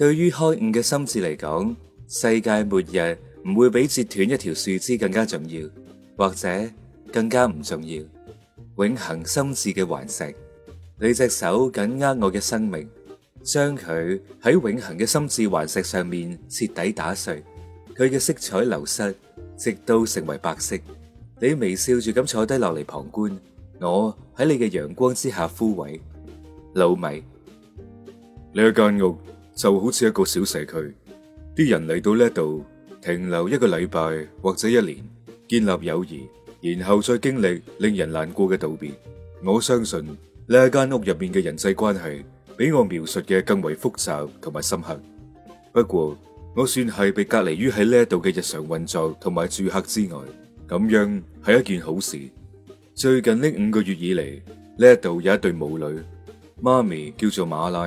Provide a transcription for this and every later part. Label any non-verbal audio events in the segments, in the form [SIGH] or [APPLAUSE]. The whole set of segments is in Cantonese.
對於開悟嘅心智嚟講，世界末日唔會比折斷一條樹枝更加重要，或者更加唔重要。永恆心智嘅頑石，你隻手緊握我嘅生命，將佢喺永恆嘅心智頑石上面徹底打碎，佢嘅色彩流失，直到成為白色。你微笑住咁坐低落嚟旁觀，我喺你嘅陽光之下枯萎。老米，你呢間屋。就好似一個小社區，啲人嚟到呢一度停留一個禮拜或者一年，建立友誼，然後再經歷令人難過嘅道別。我相信呢一間屋入面嘅人際關係比我描述嘅更為複雜同埋深刻。不過我算係被隔離於喺呢一度嘅日常運作同埋住客之外，咁樣係一件好事。最近呢五個月以嚟，呢一度有一對母女，媽咪叫做馬拉。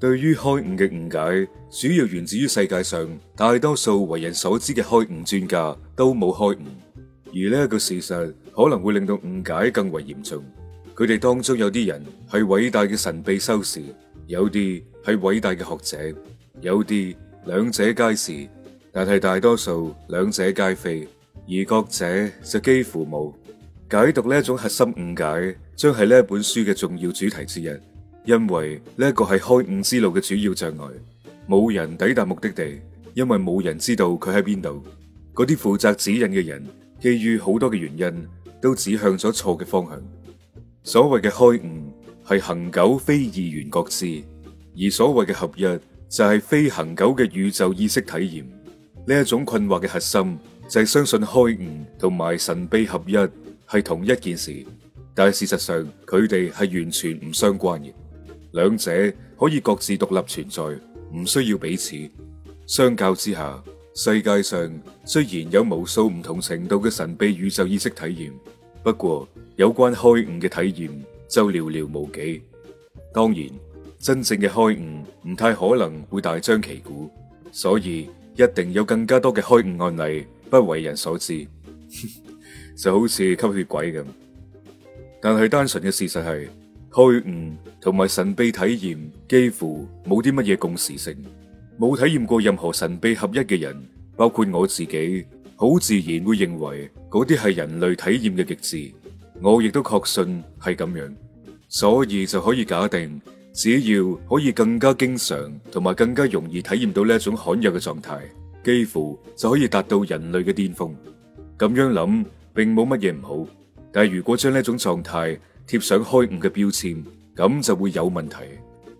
對於開悟嘅誤解，主要源自於世界上大多數為人所知嘅開悟專家都冇開悟，而呢個事實可能會令到誤解更為嚴重。佢哋當中有啲人係偉大嘅神秘修士，有啲係偉大嘅學者，有啲兩者皆是，但係大多數兩者皆非，而各者就幾乎冇。解讀呢種核心誤解，將係呢本書嘅重要主題之一。因為呢一個係開悟之路嘅主要障礙，冇人抵達目的地，因為冇人知道佢喺邊度。嗰啲負責指引嘅人，基於好多嘅原因，都指向咗錯嘅方向。所謂嘅開悟係恆久非二元覺知，而所謂嘅合一就係非恆久嘅宇宙意識體驗。呢一種困惑嘅核心就係相信開悟同埋神秘合一係同一件事，但係事實上佢哋係完全唔相關嘅。兩者可以各自獨立存在，唔需要彼此。相較之下，世界上雖然有無數唔同程度嘅神秘宇宙意識體驗，不過有關開悟嘅體驗就寥寥無幾。當然，真正嘅開悟唔太可能會大張旗鼓，所以一定有更加多嘅開悟案例不為人所知， [LAUGHS] 就好似吸血鬼咁。但係單純嘅事實係。開悟同埋神秘體驗幾乎冇啲乜嘢共時性，冇體驗過任何神秘合一嘅人，包括我自己，好自然會認為嗰啲係人類體驗嘅極致。我亦都確信係咁樣，所以就可以假定，只要可以更加經常同埋更加容易體驗到呢一種罕有嘅狀態，幾乎就可以達到人類嘅巔峰。咁樣諗並冇乜嘢唔好，但如果將呢種狀態，貼上開悟嘅標籤，咁就會有問題。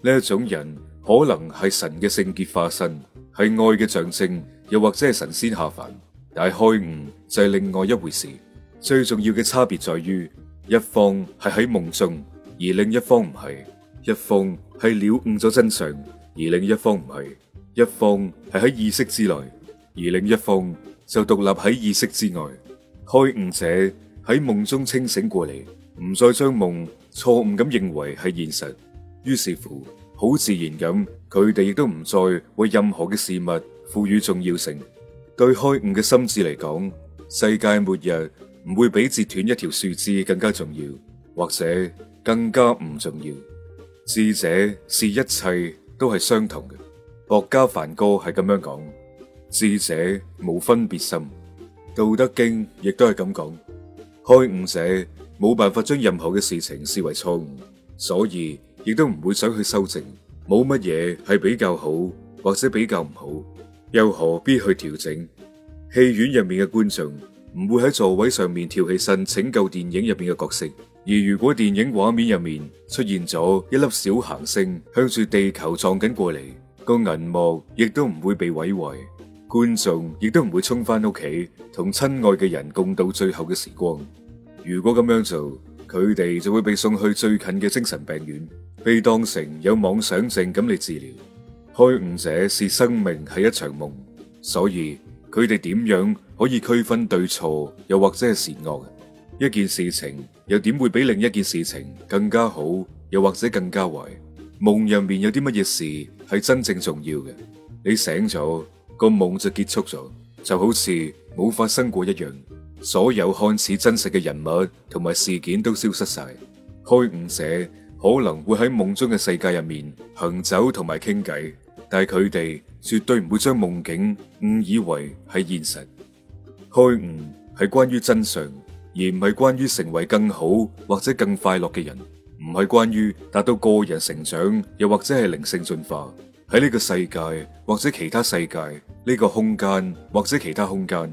呢一種人可能係神嘅聖潔化身，係愛嘅象徵，又或者係神仙下凡，但係開悟就係另外一回事。最重要嘅差別在於，一方係喺夢中，而另一方唔係；一方係了悟咗真相，而另一方唔係；一方係喺意識之內，而另一方就獨立喺意識之外。開悟者喺夢中清醒過嚟。唔再將夢錯誤咁認為係現實，於是乎好自然咁，佢哋亦都唔再為任何嘅事物賦予重要性。對開悟嘅心智嚟講，世界末日唔會比截斷一條樹枝，更加重要，或者更加唔重要。智者是一切都係相同嘅，《薄伽梵歌》係咁樣講。智者冇分別心，《道德經》亦都係咁講。開悟者冇辦法將任何嘅事情視為錯誤，所以亦都唔會想去修正。冇乜嘢係比較好或者比較唔好，又何必去調整？戲院入面嘅觀眾唔會喺座位上面跳起身拯救電影入面嘅角色，而如果電影畫面入面出現咗一粒小行星向住地球撞緊過嚟，個銀幕亦都唔會被毀壞，觀眾亦都唔會衝翻屋企同親愛嘅人共度最後嘅時光。如果咁樣做，佢哋就會被送去最近嘅精神病院，被當成有妄想症咁嚟治療。開悟者是生命係一場夢，所以佢哋點樣可以區分對錯，又或者係善惡？一件事情又點會比另一件事情更加好，又或者更加壞？夢入面有啲乜嘢事係真正重要嘅？你醒咗，個夢就結束咗，就好似冇發生過一樣。所有看似真實嘅人物同埋事件都消失晒。開悟者可能會喺夢中嘅世界入面行走同埋傾偈，但係佢哋絕對唔會將夢境誤以為係現實。開悟係關於真相，而唔係關於成為更好或者更快樂嘅人，唔係關於達到個人成長又或者係靈性進化。喺呢個世界或者其他世界，呢個空間或者其他空間，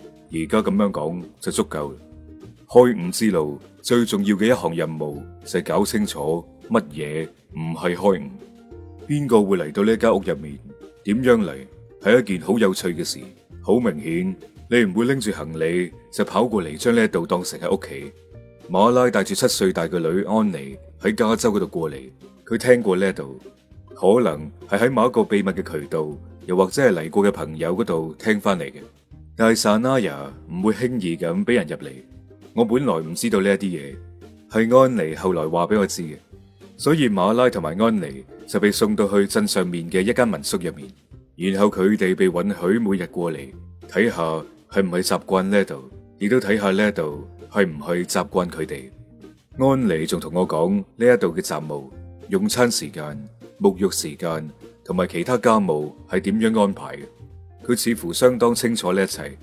而家咁樣講就足夠啦。開悟之路最重要嘅一項任務就係、是、搞清楚乜嘢唔係開悟，邊個會嚟到呢一間屋入面，點樣嚟，係一件好有趣嘅事。好明顯，你唔會拎住行李就跑過嚟，將呢一度當成係屋企。馬拉帶住七歲大嘅女安妮喺加州嗰度過嚟，佢聽過呢一度，可能係喺某一個秘密嘅渠道，又或者係嚟過嘅朋友嗰度聽翻嚟嘅。但係 Sanaya 唔會輕易咁俾人入嚟。我本來唔知道呢一啲嘢，係安妮後來話俾我知嘅。所以馬拉同埋安妮就被送到去鎮上面嘅一間民宿入面，然後佢哋被允許每日過嚟睇下係唔係習慣呢度，亦都睇下呢度係唔係習慣佢哋。安妮仲同我講呢一度嘅雜務、用餐時間、沐浴時間同埋其他家務係點樣安排嘅。佢似乎相當清楚呢一切，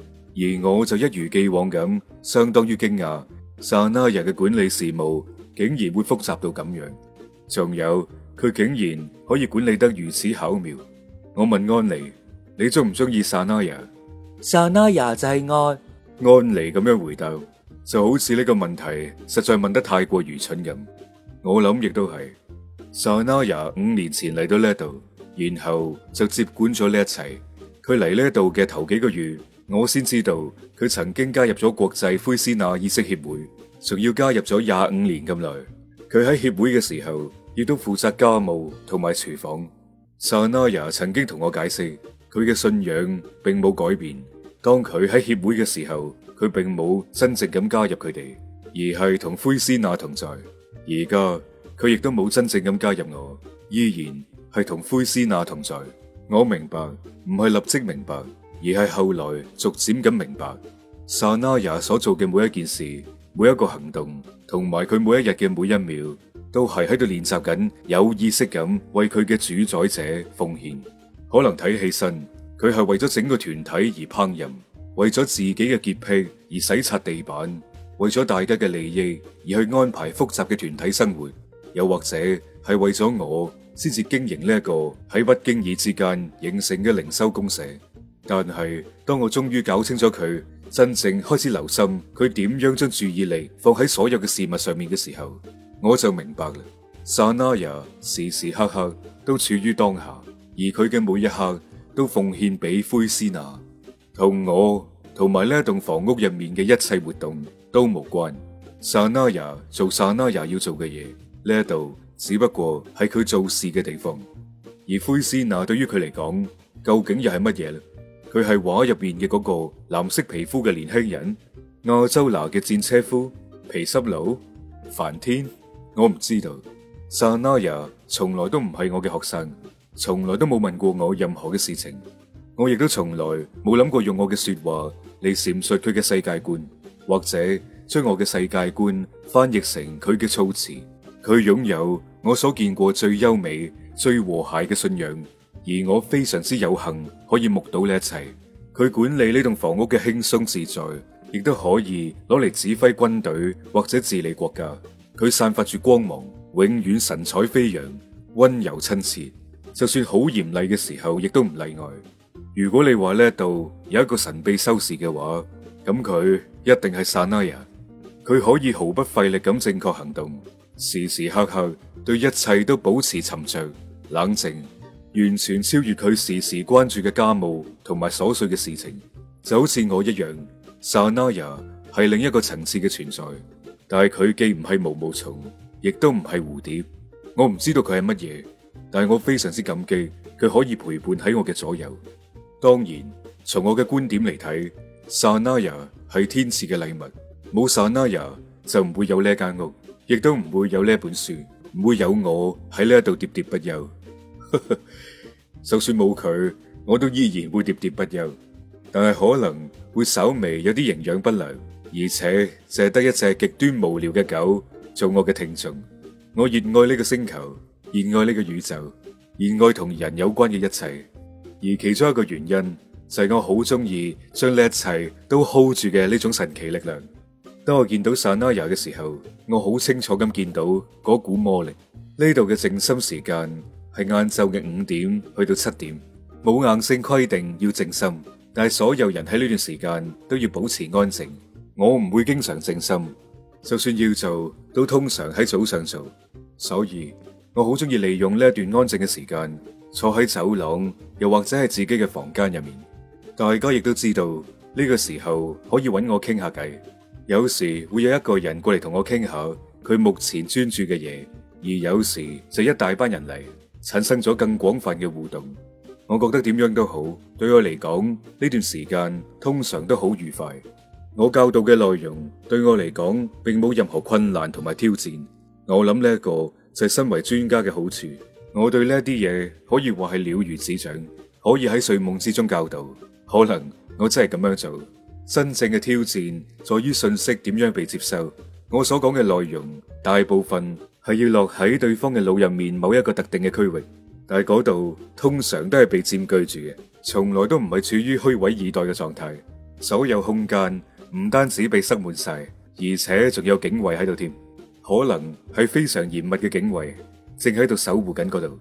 而我就一如既往咁，相當於驚訝。薩那亞嘅管理事務竟然會複雜到咁樣，仲有佢竟然可以管理得如此巧妙。我問安妮：你中唔中意薩那亞？薩那亞就係愛安妮咁樣回答，就好似呢個問題實在問得太過愚蠢咁。我諗亦都係薩那亞五年前嚟到呢度，然後就接管咗呢一切。佢嚟呢度嘅頭幾個月，我先知道佢曾經加入咗國際灰斯納意識協會，仲要加入咗廿五年咁耐。佢喺協會嘅時候，亦都負責家務同埋廚房。薩娜雅曾經同我解釋，佢嘅信仰並冇改變。當佢喺協會嘅時候，佢並冇真正咁加入佢哋，而係同灰斯納同在。而家佢亦都冇真正咁加入我，依然係同灰斯納同在。我明白，唔係立即明白，而係後來逐漸咁明白。撒那亞所做嘅每一件事，每一個行動，同埋佢每一日嘅每一秒，都係喺度練習緊，有意識咁為佢嘅主宰者奉獻。可能睇起身，佢係為咗整個團體而烹飪，為咗自己嘅潔癖而洗刷地板，為咗大家嘅利益而去安排複雜嘅團體生活，又或者係為咗我。先至經營呢一個喺不經意之間形成嘅靈修公社。但係當我終於搞清楚佢真正開始留心佢點樣將注意力放喺所有嘅事物上面嘅時候，我就明白 s 啦。薩那亞時時刻刻都處於當下，而佢嘅每一刻都奉獻俾灰斯娜，同我同埋呢一棟房屋入面嘅一切活動都無關。薩那亞做 s a 薩那亞要做嘅嘢呢一度，只不過係佢做事嘅地方，而灰斯娜對於佢嚟講，究竟又係乜嘢咧？佢係畫入邊嘅嗰個藍色皮膚嘅年輕人，亞洲拿嘅戰車夫、皮濕佬、梵天，我唔知道。薩那亞從來都唔係我嘅學生，從來都冇問過我任何嘅事情，我亦都從來冇諗過用我嘅說話嚟闡述佢嘅世界觀，或者將我嘅世界觀翻譯成佢嘅措辭。佢擁有我所見過最優美、最和諧嘅信仰，而我非常之有幸可以目睹呢一切。佢管理呢棟房屋嘅輕鬆自在，亦都可以攞嚟指揮軍隊或者治理國家。佢散發住光芒，永遠神采飛揚，温柔親切。就算好嚴厲嘅時候，亦都唔例外。如果你話呢一度有一個神秘修士嘅話，咁佢一定係薩那亞。佢可以毫不費力咁正確行動。時時刻刻對一切都保持沉着冷靜，完全超越佢時時關注嘅家務同埋瑣碎嘅事情，就好似我一樣。Sanaya 係另一個層次嘅存在，但係佢既唔係毛毛蟲，亦都唔係蝴蝶。我唔知道佢係乜嘢，但係我非常之感激佢可以陪伴喺我嘅左右。當然，從我嘅觀點嚟睇，Sanaya 係天賜嘅禮物，冇 Sanaya 就唔會有呢一間屋。亦都唔會有呢本書，唔會有我喺呢一度喋喋不休。 [LAUGHS] 就算冇佢，我都依然會喋喋不休，但係可能會稍微有啲營養不良，而且借得一隻極端無聊嘅狗做我嘅聽眾。我熱愛呢個星球，熱愛呢個宇宙，熱愛同人有關嘅一切。而其中一個原因就係、是、我好中意將呢一切都 hold 住嘅呢種神奇力量。當我見到 Sanaya 嘅時候，我好清楚咁見到嗰股魔力。呢度嘅靜心時間係晏晝嘅五點去到七點，冇硬性規定要靜心，但係所有人喺呢段時間都要保持安靜。我唔會經常靜心，就算要做都通常喺早上做，所以我好中意利用呢一段安靜嘅時間坐喺走廊，又或者係自己嘅房間入面。大家亦都知道呢個時候可以揾我傾下偈。有時會有一個人過嚟同我傾下佢目前專注嘅嘢，而有時就一大班人嚟，產生咗更廣泛嘅互動。我覺得點樣都好，對我嚟講，呢段時間通常都好愉快。我教導嘅內容對我嚟講並冇任何困難同埋挑戰。我諗呢一個就係身為專家嘅好處。我對呢一啲嘢可以話係了如指掌，可以喺睡夢之中教導。可能我真係咁樣做。真正嘅挑戰在於信息點樣被接受。我所講嘅內容，大部分係要落喺對方嘅腦入面某一個特定嘅區域，但係嗰度通常都係被佔據住嘅，從來都唔係處於虛位以待嘅狀態。所有空間唔單止被塞滿晒，而且仲有警衛喺度添，可能係非常嚴密嘅警衛正喺度守護緊嗰度。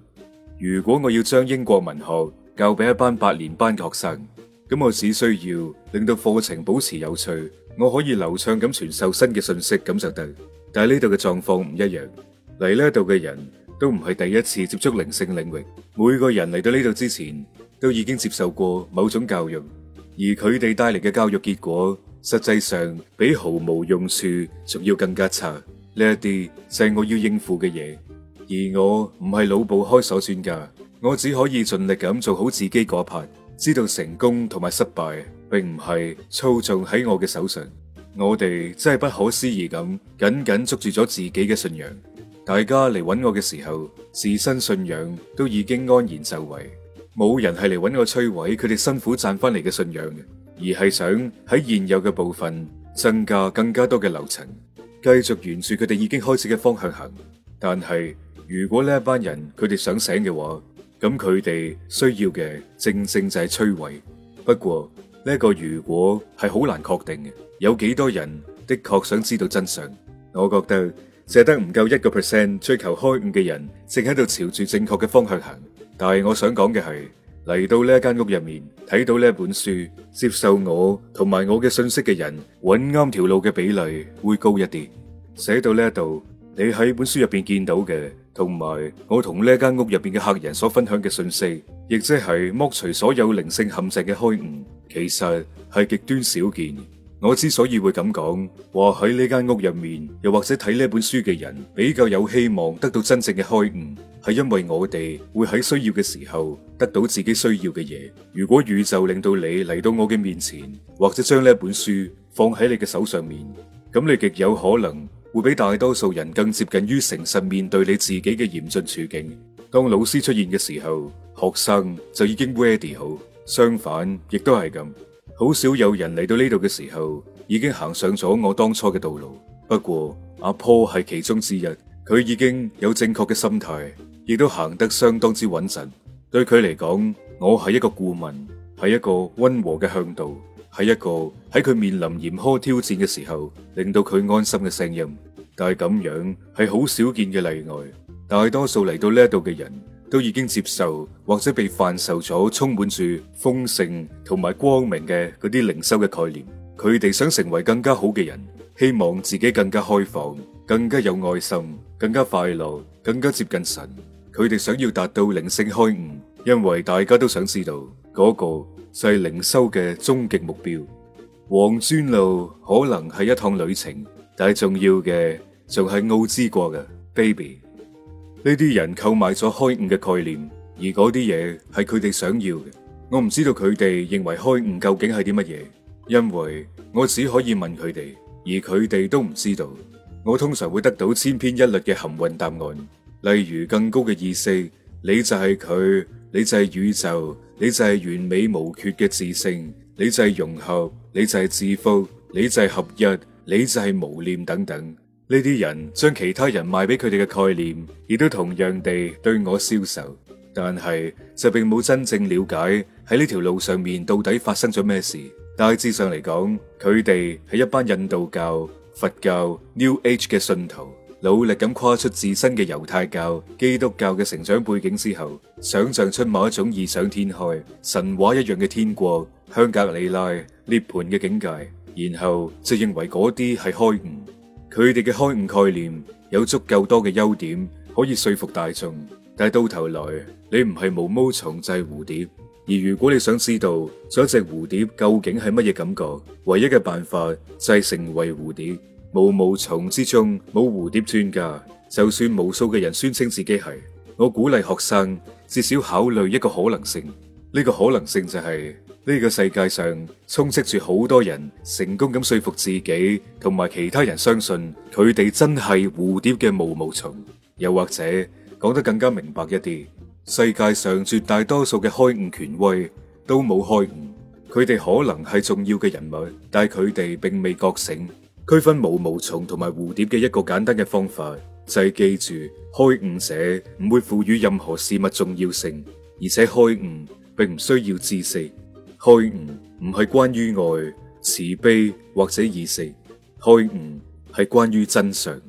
如果我要將英國文學教俾一班八年班嘅學生。咁我只需要令到課程保持有趣，我可以流暢咁傳授新嘅信息咁就得。但係呢度嘅狀況唔一樣，嚟呢度嘅人都唔係第一次接觸靈性領域，每個人嚟到呢度之前都已經接受過某種教育，而佢哋帶嚟嘅教育結果，實際上比毫無用處仲要更加差。呢一啲就係我要應付嘅嘢，而我唔係腦部開鎖專家，我只可以盡力咁做好自己嗰一 part。知道成功同埋失敗，並唔係操縱喺我嘅手上。我哋真係不可思議咁，緊緊捉住咗自己嘅信仰。大家嚟揾我嘅時候，自身信仰都已經安然就位，冇人係嚟揾我摧毀佢哋辛苦賺翻嚟嘅信仰嘅，而係想喺現有嘅部分增加更加多嘅流程，繼續沿住佢哋已經開始嘅方向行。但係如果呢一班人佢哋想醒嘅話，咁佢哋需要嘅正正就係摧毀。不過呢個如果係好難確定嘅，有幾多人的確想知道真相？我覺得寫得唔夠一個 percent，追求開悟嘅人正喺度朝住正確嘅方向行。但係我想講嘅係嚟到呢一間屋入面，睇到呢本書，接受我同埋我嘅信息嘅人，揾啱條路嘅比例會高一啲。寫到呢一度，你喺本書入邊見到嘅。同埋，我同呢間屋入邊嘅客人所分享嘅訊息，亦即係剝除所有靈性陷阱嘅開悟，其實係極端少見。我之所以會咁講，話喺呢間屋入面，又或者睇呢一本書嘅人比較有希望得到真正嘅開悟，係因為我哋會喺需要嘅時候得到自己需要嘅嘢。如果宇宙令到你嚟到我嘅面前，或者將呢一本書放喺你嘅手上面，咁你極有可能。會比大多數人更接近於誠實面對你自己嘅嚴峻處境。當老師出現嘅時候，學生就已經 ready 好。相反，亦都係咁，好少有人嚟到呢度嘅時候已經行上咗我當初嘅道路。不過阿 Paul 係其中之一，佢已經有正確嘅心態，亦都行得相當之穩陣。對佢嚟講，我係一個顧問，係一個溫和嘅向導，係一個喺佢面臨嚴苛挑戰嘅時候令到佢安心嘅聲音。但係咁樣係好少見嘅例外，大多數嚟到呢度嘅人都已經接受或者被販售咗充滿住豐盛同埋光明嘅嗰啲靈修嘅概念。佢哋想成為更加好嘅人，希望自己更加開放、更加有愛心、更加快樂、更加接近神。佢哋想要達到靈性開悟，因為大家都想知道嗰個就係靈修嘅終極目標。黃磚路可能係一趟旅程，但係重要嘅。仲係奧茲國嘅 baby，呢啲人購買咗開悟嘅概念，而嗰啲嘢係佢哋想要嘅。我唔知道佢哋認為開悟究竟係啲乜嘢，因為我只可以問佢哋，而佢哋都唔知道。我通常會得到千篇一律嘅幸運答案，例如更高嘅意識，你就係佢，你就係宇宙，你就係完美無缺嘅自性，你就係融合，你就係至福，你就係合一，你就係無念等等。呢啲人將其他人賣俾佢哋嘅概念，亦都同樣地對我銷售，但係就並冇真正了解喺呢條路上面到底發生咗咩事。大致上嚟講，佢哋係一班印度教、佛教、New Age 嘅信徒，努力咁跨出自身嘅猶太教、基督教嘅成長背景之後，想象出某一種異想天開、神話一樣嘅天國、香格里拉、涅槃嘅境界，然後就認為嗰啲係開悟。佢哋嘅開悟概念有足夠多嘅優點，可以說服大眾。但係到頭來，你唔係毛毛蟲就係蝴蝶。而如果你想知道做一隻蝴蝶究竟係乜嘢感覺，唯一嘅辦法就係成為蝴蝶。毛毛蟲之中冇蝴蝶專家，就算無數嘅人宣稱自己係，我鼓勵學生至少考慮一個可能性。呢個可能性就係。呢個世界上充斥住好多人成功咁說服自己同埋其他人相信佢哋真係蝴蝶嘅毛毛蟲，又或者講得更加明白一啲，世界上絕大多數嘅開悟權威都冇開悟，佢哋可能係重要嘅人物，但係佢哋並未覺醒。區分毛毛蟲同埋蝴蝶嘅一個簡單嘅方法就係記住，開悟者唔會賦予任何事物重要性，而且開悟並唔需要知識。開悟唔係關於愛、慈悲或者意識，開悟係關於真相。